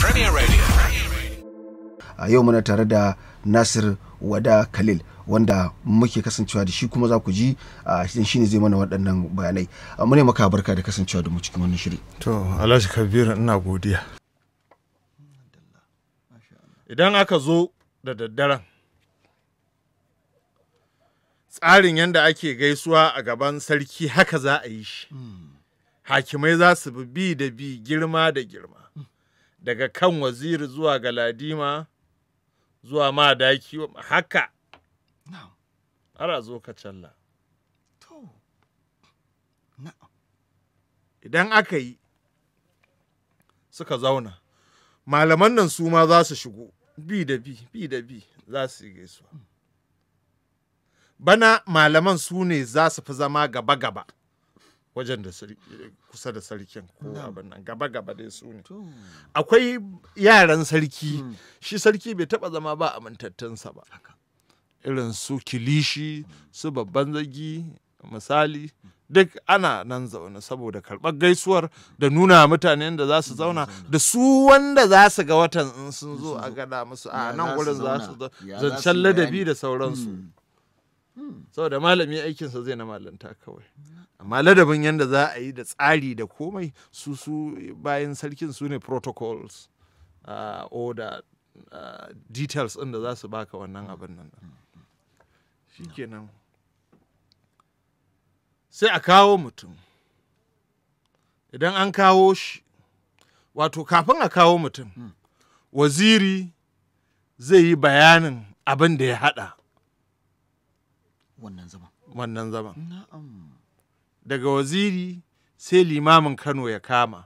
Premier Radio. A yau muna tare da Nasir Wada Khalil wanda muke kasancewa da shi kuma za ku ji a shi ne zai mana waɗannan bayanai. Mu ne maka barka da kasancewa da mu cikin wannan shiri. To, Alhaji Kabir ina godiya. Idan aka zo da daddaren tsarin yadda ake gaisuwa a gaban sarki haka za a yi shi. Hmm. Hakimai za su bi da bi girma da girma. daga kan waziri zuwa ga ladima zuwa daki haka a zo ka challa idan aka yi suka zauna malaman nan su ma za su shigo bi da bi bi da bi za su yi gaisuwa mm. bana malaman su ne za su fi zama gaba-gaba wajen da kusa da sarkin ko abin nan gaba gaba dai su ne akwai yaran sarki hmm. shi sarki bai taba zama ba amintattunsa ba irin su kilishi su babban zagi misali duk ana nan zaune saboda karɓar gaisuwar da nuna mutane da za su zauna da su wanda za su ga watan in sun zo a gada musu a nan wurin za su zancen ladabi da sauransu hmm. Hmm. saboda malami aikinsa zai na malanta kawai amma ladabin yadda za a yi da tsari da komai su su bayan sarkin su ne protocols uh, order uh, details ɗin da za su baka wannan abin nan shikenan sai a kawo mutum idan an kawo shi wato kafin a kawo mutum waziri zai yi bayanin abin da ya hada wannan zaman wannan zaman daga waziri sai limamin kano ya kama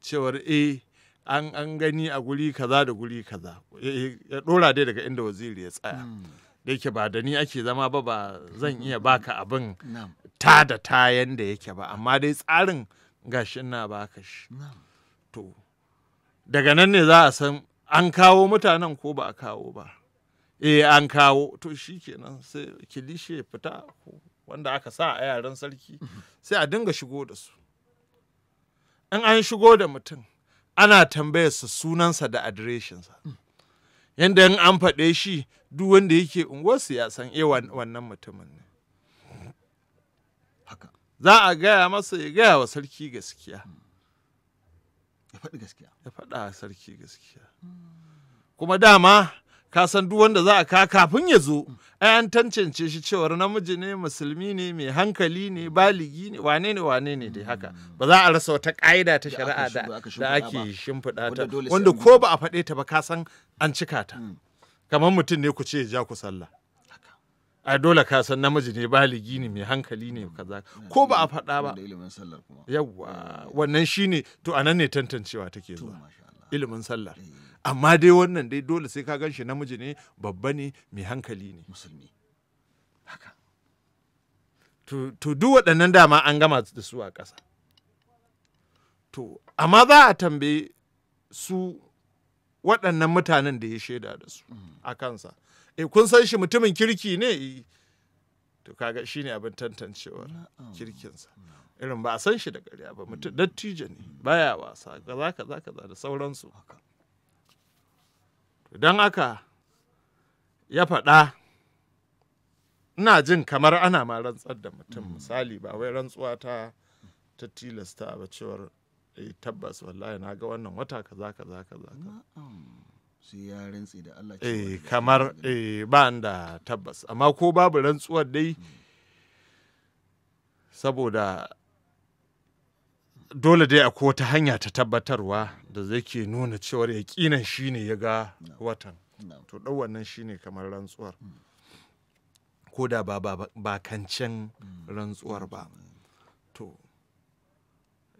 cewar e an, gani a guri kaza da guri kaza eh, ya dora dai daga inda waziri ya tsaya hmm. da yake ba da ni ake zama ba ba zan iya baka abin ta da ta yanda yake ba amma dai tsarin gashi na baka shi to daga nan ne za a san an kawo mutanen ko ba a kawo ba eh an kawo to shikenan sai kilishe fita wanda aka sa a yaren sarki sai a dinga shigo da su in an shigo da mutum ana su sunansa da adireshinsa yadda in an faɗe shi duk wanda yake unguwarsu ya san iya eh, wannan mutumin ne za a gaya masa ya gaya wa sarki gaskiya ya faɗi gaskiya ya faɗa sarki gaskiya kuma dama ka san duk wanda za a ka kafin ya zo an tantance shi cewar namiji ne musulmi ne mai hankali ne baligi ne wane ne wane ne dai haka hmm. ba za a rasa wata ka'ida ta shari'a da ake shimfiɗa ta wanda ko ba a faɗe ta ba ka san an cika ta hmm. kamar mutum ne ku ce ya ja ku sallah a dole ka san namiji ne baligi ne mai hankali ne hmm. kaza ko ba a faɗa ba yawwa eh. wannan shine to anan ne tantancewa take zuwa ilimin sallar eh. amma dai wannan dai dole sai ka gan shi namiji ne babba ne mai hankali ne musulmi haka to duk waɗannan dama an gama da su a ƙasa to amma za a tambaye su waɗannan mutanen da ya shaida da su mm. a kansa e kun san shi mutumin kirki ne to kaga ne abin tantancewar kirkinsa irin ba a san shi da ƙarya ba mutum mm. dattijo ne baya wasa kaza kaza kaza da sauransu haka don aka ya faɗa ina jin kamar ana ma rantsar da mutum hmm. misali ba wai rantsuwa ta ta tilasta ba cewar eh tabbas wallahi na ga wannan wata kaza kaza kaza sai ya rantsi da Allah eh kamar eh ba da tabbas amma ko babu rantsuwar dai hmm. saboda dole dai akwai wata hanya ta tabbatarwa da zai ke nuna cewar yaƙinan shi ne ya ga watan to ɗau wannan shi ne kamar rantsuwar ko da ba kancan mm. rantsuwar ba mm. to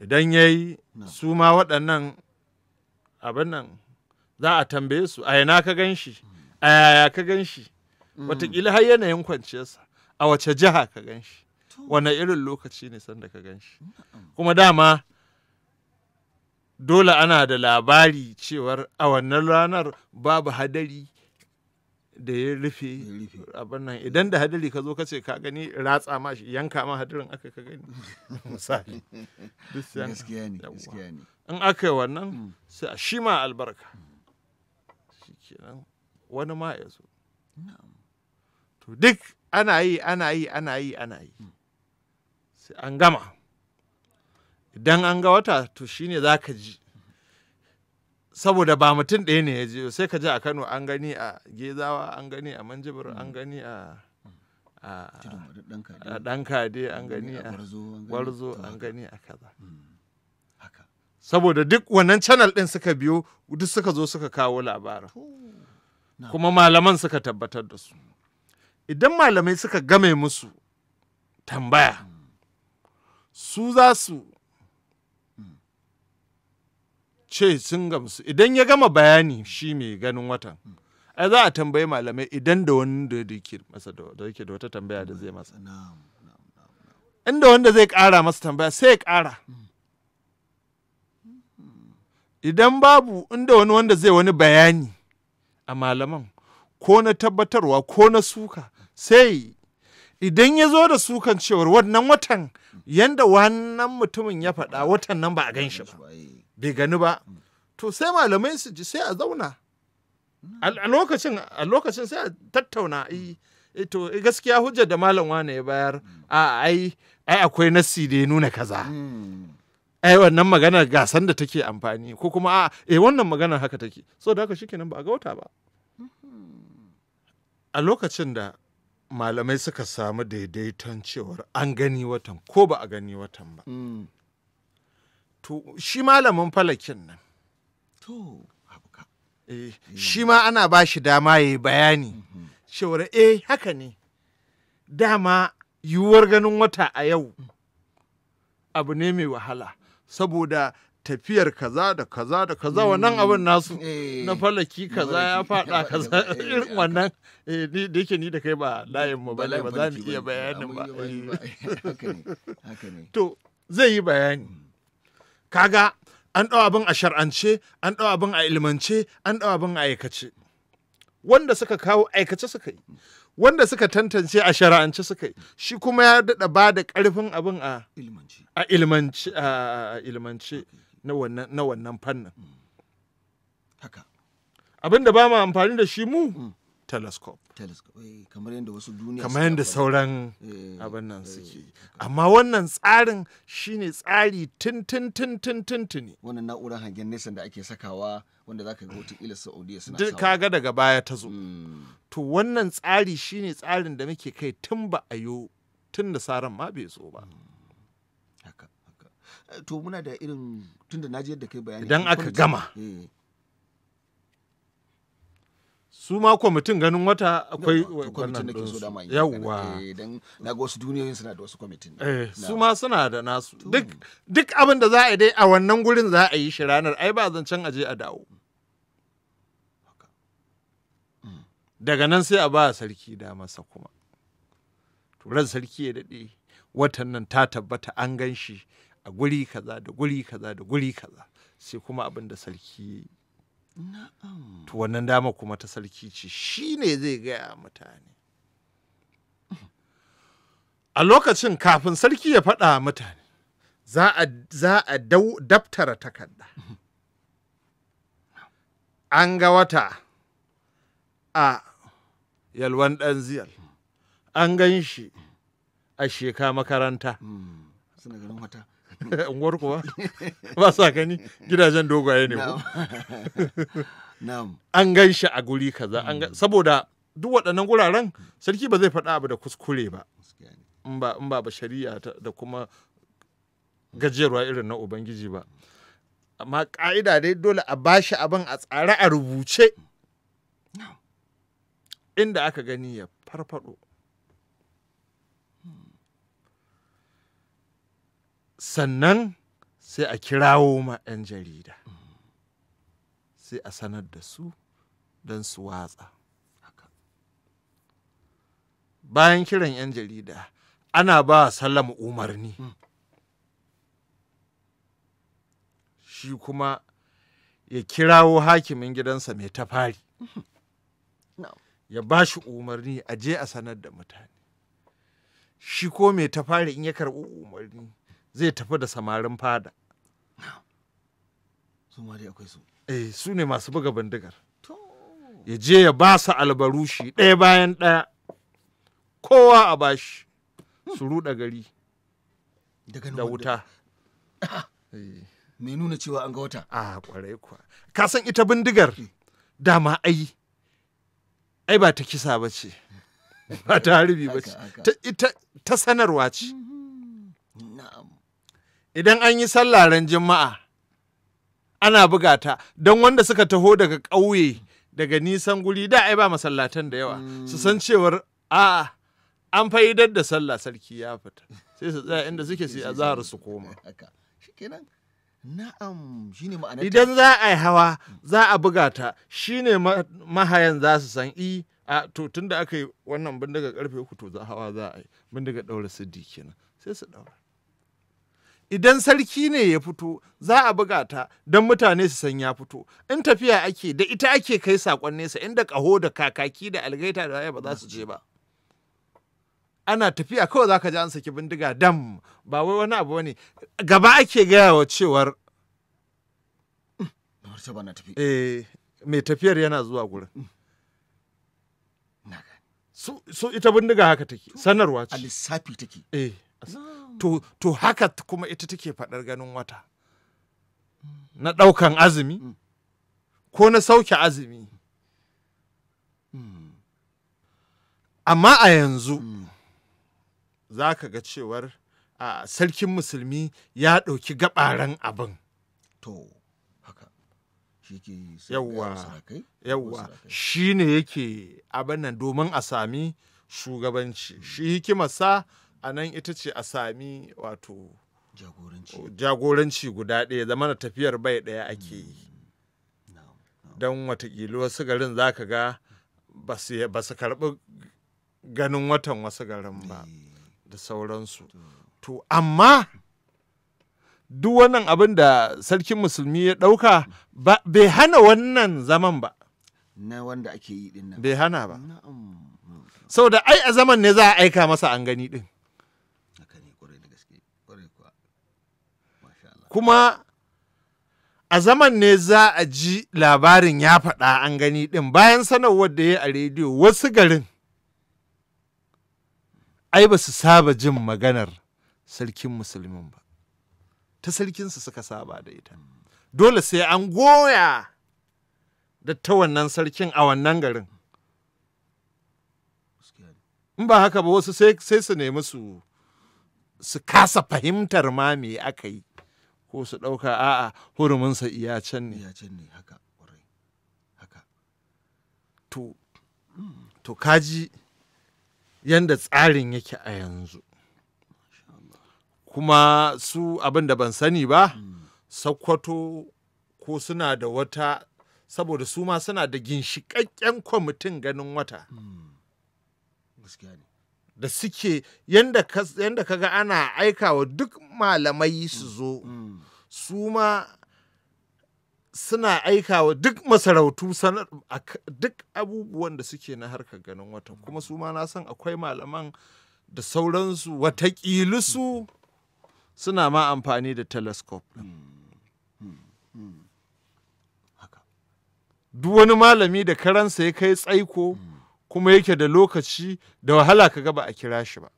idan ya yi su ma waɗannan abin nan za a tambaye su a yana ka gan shi mm. a yaya ka gan shi wataƙila har yanayin kwanciyarsa a wace jiha ka gan shi wane irin lokaci ne sanda ka gan shi kuma dama dole ana da labari cewar a wannan ranar babu hadari da ya rufe abin nan idan da hadari ka zo ka ce ka gani ratsa ma shi yanka ma hadarin aka ka gani misali in aka yi wannan mm. sai a shi ma albarka mm. shikenan wani ma ya zo to duk ana yi ana yi ana yi ana yi mm. sai an gama idan an ga wata to shine za ka ji saboda ba mutum ɗaya ne ya je sai ka ji a kano an gani a gezawa an gani a manjibir an gani a a ɗankade an gani a gwarzo an gani a kaza hmm. saboda duk wannan channel ɗin suka biyo duk suka zo suka kawo labarin kuma malaman suka tabbatar da su idan malamai suka game musu tambaya su za su ce sun gamsu idan ya gama bayani shi mai ganin watan ai za a tambayi malamai idan da wani da yake masa da yake da wata tambaya da zai masa inda wanda zai kara masa tambaya sai ya kara idan babu inda wani wanda zai wani bayani a malaman ko na tabbatarwa ko na suka sai idan ya zo da sukan cewar wannan watan yanda wannan mutumin ya faɗa watan nan ba a gan shi ba bai gani ba to sai malamai su ji sai a zauna a lokacin a lokacin sai a tattauna to gaskiya hujjar da malam wane ya bayar a ai ai akwai nassi da ya nuna kaza ai wannan magana gasan da take amfani ko kuma a eh wannan magana haka take so da haka shikenan ba a ga wata ba a lokacin da malamai suka samu daidaiton cewar an gani watan ko ba a gani watan ba mm. to shi malamin falakin nan to e, shi ma ana ba shi dama ya yi bayani mm-hmm. cewar eh haka ne dama yiwuwar ganin wata a yau mm. abu ne mai wahala saboda tafiyar kaza da kaza da kaza mm. wannan abin nasu eh. na falaki kaza ya fada kaza eh, eh, irin wannan ni da yake ni da kai ba layin mu ba ba za mu iya bayanin ba to zai yi bayani mm. kaga an ɗau abin a shar'ance an ɗau abin a ilmance an ɗau abin a aikace wanda suka kawo aikace suka yi wanda suka tantance a shara'ance suka yi shi kuma ya daɗa ba da ƙarfin abin a ilmance na wannan fannin mm. haka abin da ba mu amfani da shi mu mm. telescope eh, kamar yadda wasu duniya kamar yadda sauran eh, abin nan suke eh, amma wannan tsarin shi ne tsari tun tun tun tun tun tuni wannan na'urar hangen nesa da ake sakawa wanda za ka ga ila saudiya suna sawa ga daga baya ta zo mm. to wannan tsari shi ne tsarin da muke kai tun ba a yo tun da saran ma bai zo ba to muna da irin tunda na yadda kai bayani idan aka gama eh. su ma kwamitin ganin wata akwai kwamitin da ke so dama yawwa idan eh, na ga wasu duniyoyin suna da wasu kwamitin eh, su ma suna da nasu duk abin da za a yi dai a wannan gurin za a yi shi ranar ai ba zancen aje a dawo hmm. daga nan sai a ba sarki da masa kuma turan sarki ya dade watan nan ta tabbata an gan shi a guri kaza da guri kaza da guri kaza sai kuma abin da sarki to wannan dama kuma ta sarki ce shine zai gaya mutane a lokacin kafin sarki ya faɗa mutane za a za a daftara takarda an ga wata a yalwan ɗan ziyal an ganshi a sheka makaranta hmm. suna ganin wata unguwar kuwa ba sa gani gidajen dogaye ne an gan shi a guri kaza hmm. saboda duk waɗannan guraren sarki ba zai faɗa abu da kuskure ba in ba ba shari'a da kuma gajiyarwa irin na ubangiji ba amma ƙa'ida dai dole a bashi abin a tsare a rubuce inda aka gani ya farfaɗo. sannan sai a kirawo ma 'yan jarida sai a sanar da su don su watsa bayan kiran 'yan jarida ana ba salama umarni shi kuma ya kirawo hakimin gidansa mai tafari ya ba shi umarni a je a sanar da mutane shi ko mai tafari in ya karɓi umarni zai tafi da samarin fada su ma dai akwai su eh su ne masu buga bindigar ya je ya ba su albarushi ɗaya bayan ɗaya kowa a bashi su ruɗa gari da wuta ah. eh. mai nuna cewa an ga wata a ah, kwarai kuwa ka san ita bindigar eh. dama ai ai ba ta kisa ba ce ba ta harbi ba ce ta sanarwa ce mm-hmm. idan an yi sallaren jima'a ana buga ta don wanda suka taho daga ƙauye daga nisan guri da ai ba masallatan da yawa hmm. su san cewar a an fa'idar da sallah sarki ya fita sai su tsaya inda suke su azhar su koma na'am shine idan za a yi hawa za a buga ta shine mahayan za su san i a to tunda aka yi wannan bindiga karfe uku to za hawa za a yi bindiga daura siddi kenan sai su daura idan sarki ne ya fito za a buga ta don mutane su san ya fito in tafiya ake da ita ake kai sakon nesa inda ƙaho da kakaki da algaita da ba za su je ba ana tafiya kawai za ka ji an saki bindiga dam ba wai wani abu ne gaba ake gaya wa cewar mm, eh, mai tafiyar yana zuwa gurin mm. so ita bindiga haka take sanarwa ce a lissafi take eh to haka kuma ita take faɗar ganin wata na ɗaukan azumi ko na sauke azumi amma a yanzu za ka ga cewar a sarkin musulmi ya ɗauki gabaran abin to haka yawwa yawwa shi ne yake abin nan domin a sami shugabanci shi hikimarsa a nan ita ce a sami wato jagoranci guda ɗaya zama na tafiyar bai ɗaya ake yi mm. don watakila wasu garin za ka ga ba su karɓi ganin watan wasu garin ba eh. da sauransu to amma duk wannan abin da sarkin musulmi ya ɗauka bai hana wannan zaman ba na wanda ake yi ɗin bai hana ba sau da ai a zaman ne za a aika masa an gani ɗin kuma a zaman ne za a ji labarin ya faɗa an gani ɗin bayan sanarwar da ya a rediyo wasu garin ai ba su saba jin maganar sarkin musulmin ba ta sarkinsu suka saba da ita dole sai an goya da ta wannan sarkin a wannan garin in ba haka ba wasu sai su nemi su su kasa fahimtar ma me aka yi ko su ɗauka a'a huruminsa iya can ne. ne haka haka. To, to kaji yanda tsarin yake a yanzu. Kuma su abin da ban sani ba, hmm. Sakkwato ko suna da wata saboda su ma suna da ginshiƙaƙƙen kwamitin ganin wata. Hmm. Gaskiya ne. da suke yadda ka ga ana aikawa duk malamai su mm, zo mm. su ma suna aikawa duk masarautu duk abubuwan da suke na harkar ganin watan kuma su ma na san akwai malaman da sauransu watakilu su suna ma amfani da telescope mm, duk wani malami da karansa ya kai tsaiko kuma yake da lokaci da wahala ka gaba a kira shi ba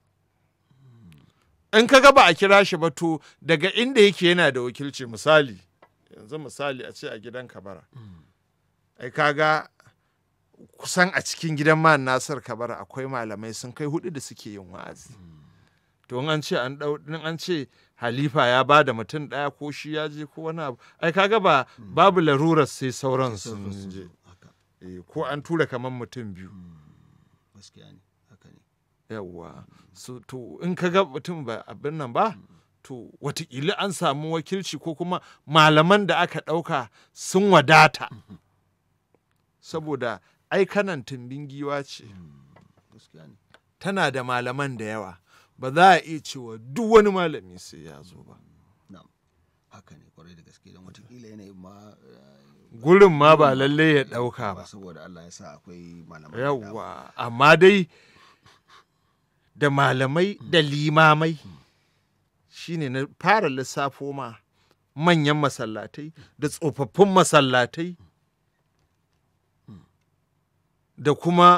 in ka gaba a kira shi ba to daga inda yake yana da wakilci misali yanzu misali a ce a gidan kabara ai kaga kusan a cikin gidan man nasar kabara akwai malamai sun kai hudu da suke yin wa'azi to an ce an an ce halifa ya ba da mutum ɗaya ko shi ya je ko wani abu ai kaga ba babu larurar sai sauran sun je eh, ko an tura kamar mutum biyu gaskiya ne haka ne yawwa so to in ka ga mutum ba abin nan ba to watakila an samu wakilci ko kuma malaman da aka ɗauka sun wadata saboda kanan tumbin giwa ce tana da malaman da yawa ba za a iya cewa duk wani malami sai ya zo ba haka ne kwarai da gaske don watakila ma eh, gurin ma ba lalle ya ɗauka ba saboda Allah ya sa akwai malamai yawa amma dai da malamai da limamai shine na fara lissafo ma manyan masallatai da tsofaffin masallatai da kuma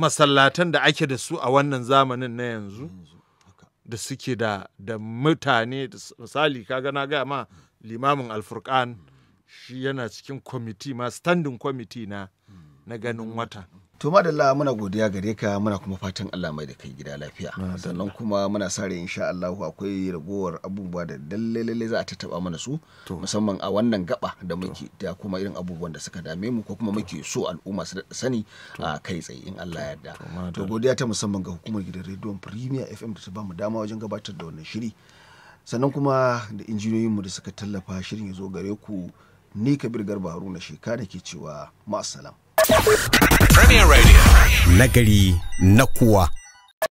masallatan da ake da su a wannan zamanin na yanzu da suke da da mutane misali kaga na gaya ma limamin alfurkan shi yana cikin kwamiti ma standing kwamiti na na ganin wata to madalla muna godiya gare ka muna kuma fatan Allah mai da kai gida lafiya sannan kuma muna sa rai insha Allah akwai ragowar abubuwa da dalle za a tattaba mana su musamman a wannan gaba da muke da kuma irin abubuwan da suka dame mu ko kuma muke so al'umma su da sani a kai tsaye in Allah ya yarda to godiya ta musamman ga hukumar gidan rediyon Premier FM da ta bamu dama wajen gabatar da wannan shiri sannan kuma da injiniyoyinmu da suka tallafa shirin ya zo gare ku ni kabir garba haruna sheka da ke cewa ma'asalam. Premier Radio. Nagari na kuwa.